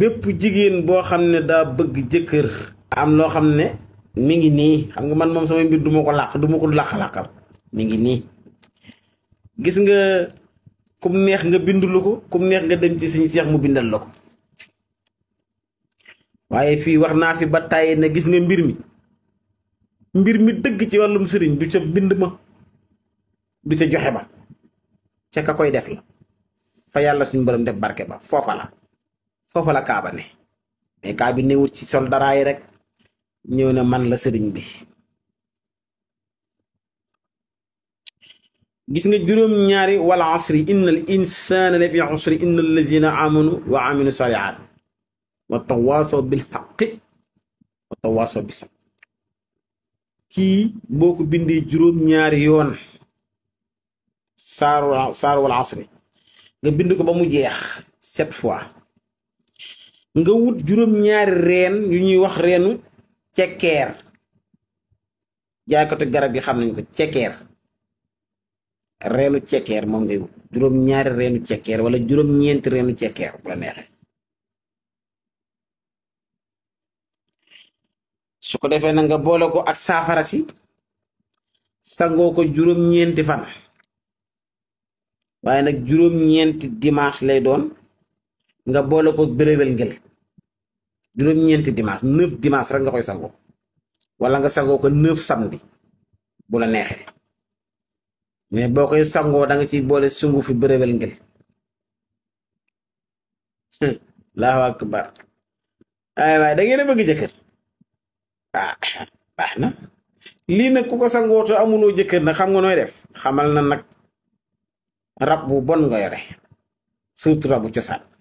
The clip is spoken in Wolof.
bepp jigen bo xamne ne bëgg jëkkër am lo xamne mi ngi ni xam nga man mom sama mbir duma ko laq duma ko laq laqal mi ngi ni gis nga kum neex nga bindulu ko kum neex nga dem ci suñu cheikh mu bindal lako waye fi fii wax naa fi ba tàyyi ne gis nga mbir mi mbir mi deug ci walum sëriñ du ca bind ma du ca joxe ba ca ka koy def la fa yalla suñu borom def barke ba foofa la fofu la kaaba ne mais kaa bi newul ci sol dara yi rek ñëw na man la sëriñ bi gis nga juróom ñaari wal asri innal insana la fi usri innal lazina amanu wa amilu salihat wa tawasaw bil haqqi wa tawasaw bis ki boo ko juróom ñaari yoon saaru saaru wal asri nga bind ko ba mu jeex 7 fois nga wut jurum ñaari reen yu ñuy wax reenu cekkeer jaaykatu garab yi xam nañ ko cekkeer reenu cekkeer moom ngay wut juróom ñaari reenu cekkeer wala juróom ñeenti reenu cekkeer bu la neexee su ko defee na nga boole ko ak saafara si sangoo ko juróom ñeenti fan waaye nag juróom ñeenti dimanche lay doon nga bolo ko bëréwel ngel juróom-ñeenti dimanche neuf dimanche rek nga koy sango wala nga sango ko neuf samedi bu la nexé mais bokay sango da nga ci bolé sungu fi bëréwel ngel allahu akbar ay way da ngeen bëgg jëkkër ah na li nak ku ko sangoo te amuloo jëkkër na xam nga noy def xamal na nak rab bu bon nga yore sutra bu cosaan